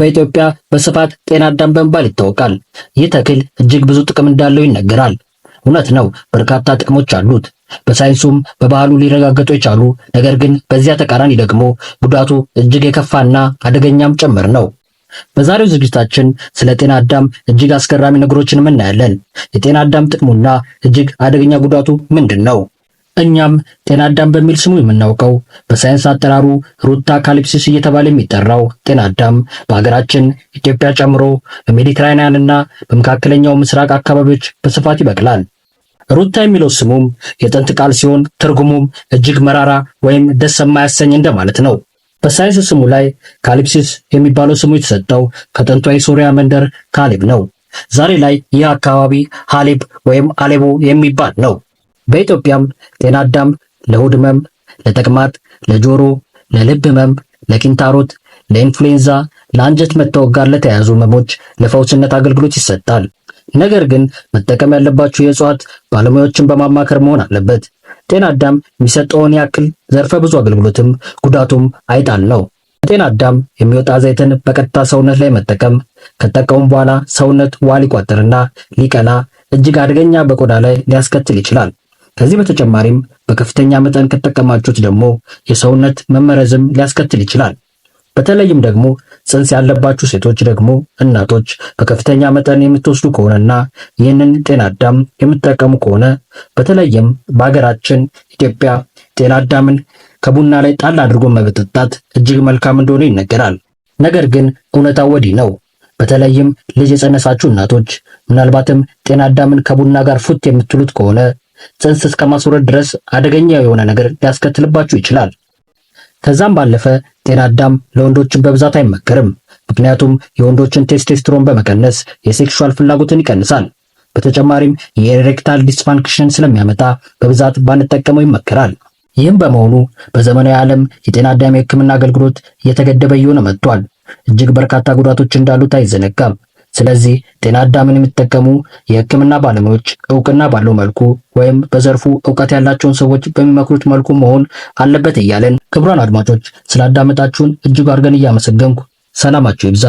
በኢትዮጵያ በስፋት ጤና አዳም በመባል ይታወቃል። ይህ ተክል እጅግ ብዙ ጥቅም እንዳለው ይነገራል። እውነት ነው፣ በርካታ ጥቅሞች አሉት። በሳይንሱም በባህሉ ሊረጋገጡ የቻሉ ነገር ግን በዚያ ተቃራኒ ደግሞ ጉዳቱ እጅግ የከፋና አደገኛም ጭምር ነው። በዛሬው ዝግጅታችን ስለ ጤና አዳም እጅግ አስገራሚ ነገሮችን እናያለን። የጤና አዳም ጥቅሙና እጅግ አደገኛ ጉዳቱ ምንድን ነው? እኛም ጤና አዳም በሚል ስሙ የምናውቀው በሳይንስ አጠራሩ ሩታ ካሊፕሲስ እየተባለ የሚጠራው ጤና አዳም በሀገራችን ኢትዮጵያ ጨምሮ በሜዲትራኒያንና በመካከለኛው ምስራቅ አካባቢዎች በስፋት ይበቅላል። ሩታ የሚለው ስሙም የጥንት ቃል ሲሆን ትርጉሙም እጅግ መራራ ወይም ደስ የማያሰኝ እንደማለት ነው። በሳይንስ ስሙ ላይ ካሊፕሲስ የሚባለው ስሙ የተሰጠው ከጥንቷ የሶሪያ መንደር ካሌብ ነው። ዛሬ ላይ ይህ አካባቢ ሀሌብ ወይም አሌቦ የሚባል ነው። በኢትዮጵያም ጤና አዳም ለሆድ ህመም፣ ለተቅማጥ፣ ለጆሮ፣ ለልብ ህመም፣ ለኪንታሮት፣ ለኢንፍሉዌንዛ፣ ለአንጀት መታወክ ጋር ለተያያዙ ህመሞች ለፈውስነት አገልግሎት ይሰጣል። ነገር ግን መጠቀም ያለባችሁ የእጽዋት ባለሙያዎችን በማማከር መሆን አለበት። ጤና አዳም የሚሰጠውን ያክል ዘርፈ ብዙ አገልግሎትም ጉዳቱም አይጣል ነው። ጤና አዳም የሚወጣ ዘይትን በቀጥታ ሰውነት ላይ መጠቀም ከጠቀሙ በኋላ ሰውነት ውሃ ሊቋጥርና ሊቀላ እጅግ አደገኛ በቆዳ ላይ ሊያስከትል ይችላል። ከዚህ በተጨማሪም በከፍተኛ መጠን ከተጠቀማችሁት ደግሞ የሰውነት መመረዝም ሊያስከትል ይችላል። በተለይም ደግሞ ጽንስ ያለባችሁ ሴቶች ደግሞ እናቶች በከፍተኛ መጠን የምትወስዱ ከሆነና ይህንን ጤና አዳም የምትጠቀሙ ከሆነ በተለይም በሀገራችን ኢትዮጵያ ጤና አዳምን ከቡና ላይ ጣል አድርጎ መጠጣት እጅግ መልካም እንደሆነ ይነገራል። ነገር ግን እውነታው ወዲህ ነው። በተለይም ልጅ የጸነሳችሁ እናቶች ምናልባትም ጤና አዳምን ከቡና ጋር ፉት የምትሉት ከሆነ ጽንስ እስከ ማስወረድ ድረስ አደገኛ የሆነ ነገር ሊያስከትልባችሁ ይችላል። ከዛም ባለፈ ጤና አዳም ለወንዶችን በብዛት አይመከርም። ምክንያቱም የወንዶችን ቴስቴስትሮን በመቀነስ የሴክሹዋል ፍላጎትን ይቀንሳል። በተጨማሪም የኤሬክታል ዲስፋንክሽን ስለሚያመጣ በብዛት ባንጠቀመው ይመከራል። ይህም በመሆኑ በዘመናዊ ዓለም የጤና አዳም የሕክምና አገልግሎት እየተገደበ እየሆነ መጥቷል። እጅግ በርካታ ጉዳቶች እንዳሉት አይዘነጋም። ስለዚህ ጤና አዳምን የሚጠቀሙ የህክምና ባለሙያዎች እውቅና ባለው መልኩ ወይም በዘርፉ እውቀት ያላቸውን ሰዎች በሚመክሩት መልኩ መሆን አለበት እያለን ክቡራን አድማጮች ስላዳመጣችሁን እጅግ አድርገን እያመሰገንኩ ሰላማችሁ ይብዛ።